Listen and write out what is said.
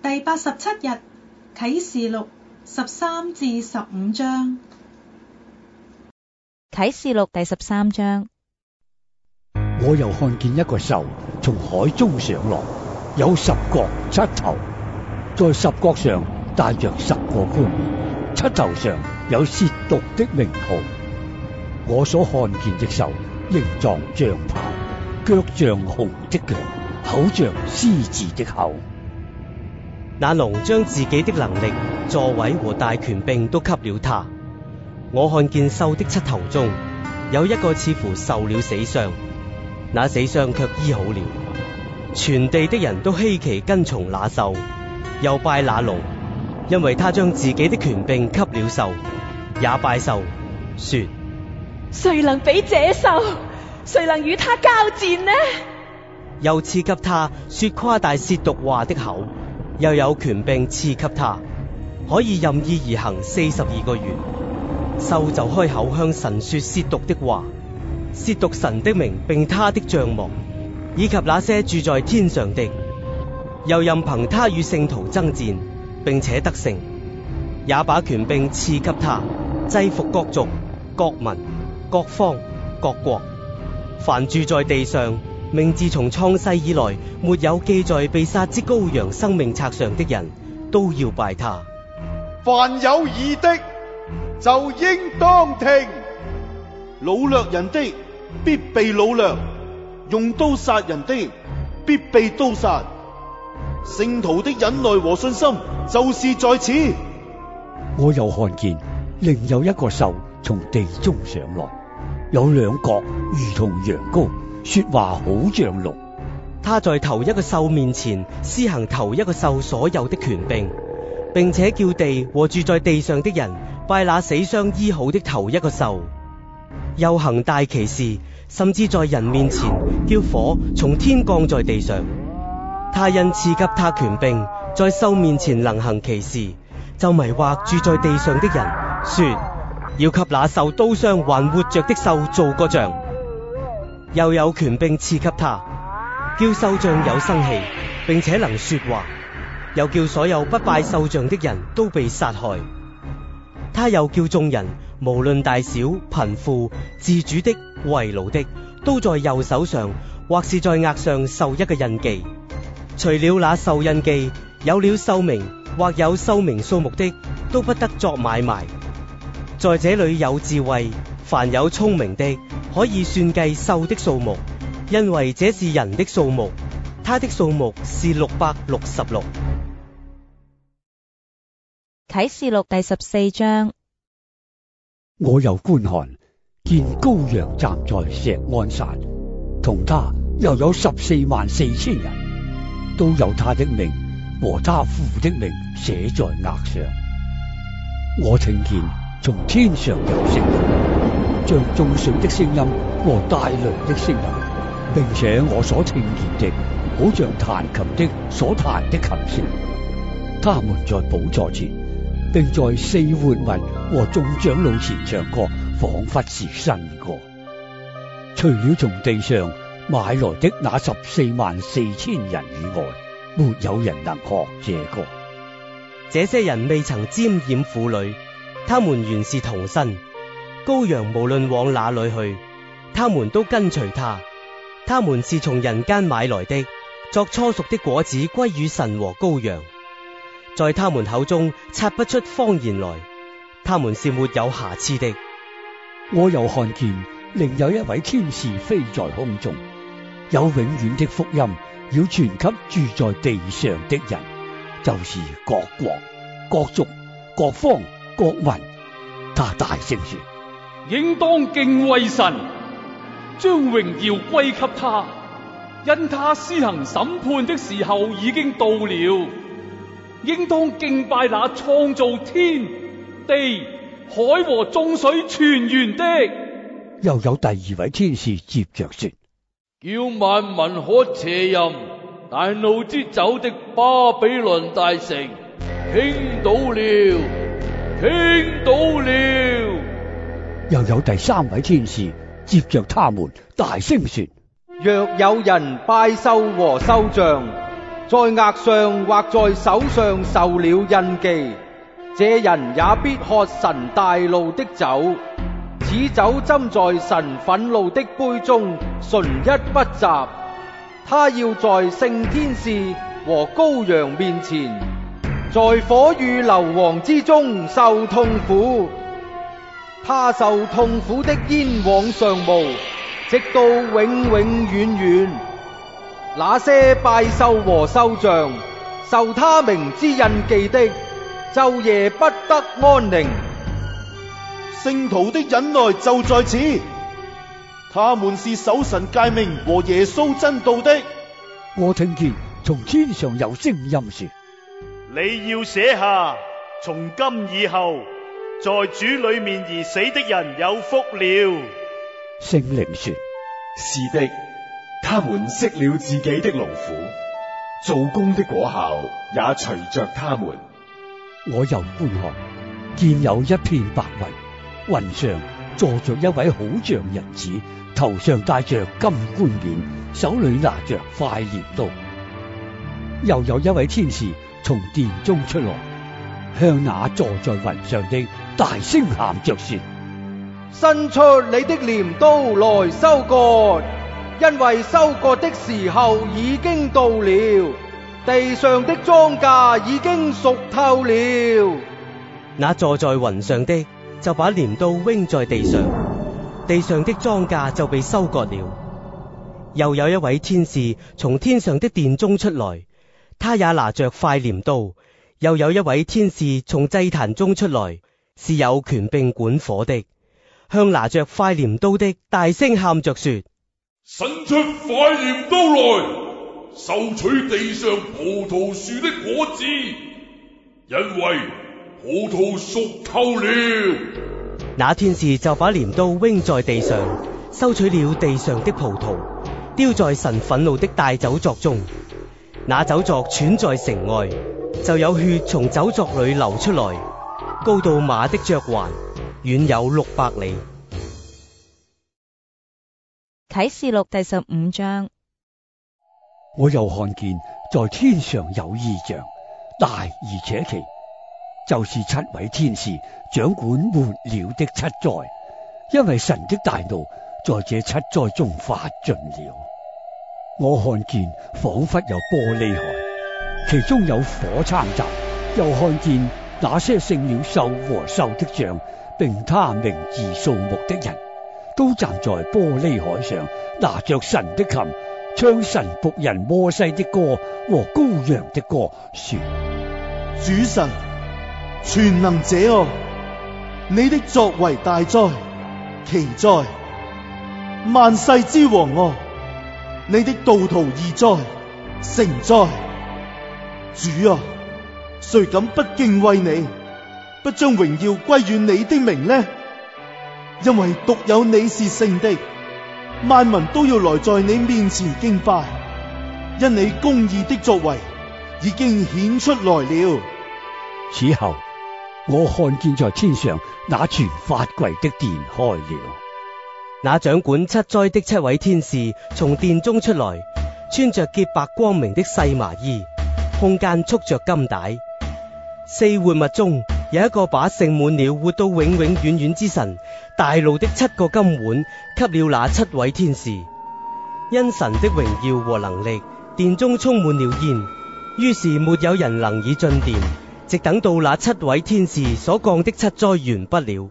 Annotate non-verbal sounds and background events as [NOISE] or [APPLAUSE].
第八十七日啟示錄十三至十五章，啟示錄第十三章。我又看見一個獸從海中上落，有十角七頭，在十角上帶着十個冠冕，七頭上有褻瀆的名號。我所看見隻獸，形狀像豹，腳像熊的腳，口像獅子的口。那龍將自己的能力、座位和大權柄都給了他。我看見獸的七頭中有一個似乎受了死傷，那死傷卻醫好了。全地的人都稀奇跟從那獸，又拜那龍，因為他將自己的權柄給了獸，也拜獸，說：誰能比這獸？誰能與他交戰呢？又賜給他說誇大褻瀆話的口。又有權柄賜給他，可以任意而行四十二個月。獸就開口向神說褻瀆的話，褻瀆神的名，並他的帳幕，以及那些住在天上的。又任憑他與聖徒爭戰，並且得勝，也把權柄賜給他，制服各族、各民、各方、各國，凡住在地上。名字自從創世以來，沒有記在被殺之羔羊生命冊上的人都要拜他。凡有耳的就應當聽。擄掠人的必被擄掠，用刀殺人的必被刀殺。聖徒的忍耐和信心就是在此。我又看見，另有一個獸從地中上來，有兩角如同羊羔。說話好像龍。他在頭一個獸面前施行頭一個獸所有的權柄，並且叫地和住在地上的人拜那死傷醫好的頭一個獸，又行大奇事，甚至在人面前叫火從天降在地上。他因賜給他權柄在獸面前能行奇事，就迷惑住在地上的人，說要給那受刀傷還活着的獸做個像。又有權柄賜給他，叫獸像有生氣，並且能說話，又叫所有不拜獸像的人都被殺害。他又叫眾人，無論大小、貧富、自主的、為奴的，都在右手上或是在額上受一個印記。除了那受印記、有了獸名或有獸名數目的，都不得作買賣。在這裏有智慧。凡有聰明的，可以算計獸的數目，因為這是人的數目，他的數目是六百六十六。啟示錄第十四章，我又觀看，見羔羊站在錫安山，同他又有十四萬四千人，都有他的名和他父的名寫在額上。我聽見從天上有聲。像眾水的聲音和大雷的聲音，並且我所聽見的，好像彈琴的所彈的琴聲。他們在寶座前，並在四活物和眾長老前唱歌，仿佛是新歌。除了從地上買來的那十四萬四千人以外，沒有人能學這歌。這些人未曾沾染婦女，他們原是童身。羔羊無論往哪裏去，他們都跟隨他。他們是從人間買來的，作初熟的果子歸與神和羔羊。在他們口中察不出謊言來，他們是沒有瑕疵的。我又看見另有一位天使飛在空中，有永遠的福音要傳給住在地上的人，就是各國、各族、各方、各民。他大聲說。應當敬畏神，將榮耀歸給他，因他施行審判的時候已經到了。應當敬拜那創造天地海和眾水泉源的。又有第二位天使接着說，叫萬民喝邪淫大怒之酒的巴比倫大城，傾倒了，傾倒了。又有第三位天使接着他們大聲說：若有人拜獸和獸像，在額上或在手上受了印記，這人也必喝神大怒的酒，此酒斟在神憤怒的杯中，純一不雜。他要在聖天使和羔羊面前，在火與硫磺之中受痛苦。他受痛苦的煙往上冒，直到永永遠遠。那些拜獸和獸像受他名之印記的，晝夜不得安寧。聖徒的忍耐就在此，他們是守神誡命和耶穌真道的。我聽見從天上有聲音說，你要寫下，從今以後。在主裏面而死的人有福了。聖靈說：是的，他們息了自己的勞苦，做工的果效也隨着他們。我又觀看，見有一片白雲，雲上坐着一位好像人子，頭上戴着金冠冕，手裏拿着快鐮刀。又有一位天使從殿中出來，向那坐在雲上的。大聲喊着說：伸出你的鐮刀來收割，因為收割的時候已經到了，地上的莊稼已經熟透了。那坐在雲上的就把鐮刀扔在地上，地上的莊稼就被收割了。又有一位天使從天上的殿中出來，他也拿着快鐮刀。又有一位天使從祭壇中出來。是有權柄管火的，向拿着快鐮刀的大聲喊着說：伸出快鐮刀來，收取地上葡萄樹的果子，因為葡萄熟透了。那天使就把鐮刀扔在地上，收取了地上的葡萄，丟在神憤怒的大酒醡中。那酒醡踹在城外，就有血從酒醡裏流出來。高到馬的嚼環，遠有六百里。啟示錄第十五章。我又看見在天上有異象，大而且奇，就是七位天使掌管末了的七災，因為神的大怒在這七災中發盡了。我看見仿佛有玻璃海，其中有火摻雜，又看見。那 [NOISE] 些勝了獸和獸的像，並他名字數目的人，都站在玻璃海上，拿着神的琴，唱神僕人摩西的歌和羔羊的歌，說：主神，全能者啊，你的作為大哉！奇哉！萬世之王啊，你的道途義哉！誠哉！主啊。誰敢不敬畏你，不將榮耀歸於你的名呢？因為獨有你是聖的，萬民都要來在你面前敬拜，因你公義的作為已經顯出來了。此後，我看見在天上那存法櫃的殿開了，那掌管七災的七位天使從殿中出來，穿着潔白光明的細麻衣，胸間束着金帶。四活物中有一個把盛滿了活到永永遠遠之神，大怒的七個金碗給了那七位天使。因神的榮耀和能力，殿中充滿了煙，於是沒有人能以進殿，直等到那七位天使所降的七災完不了。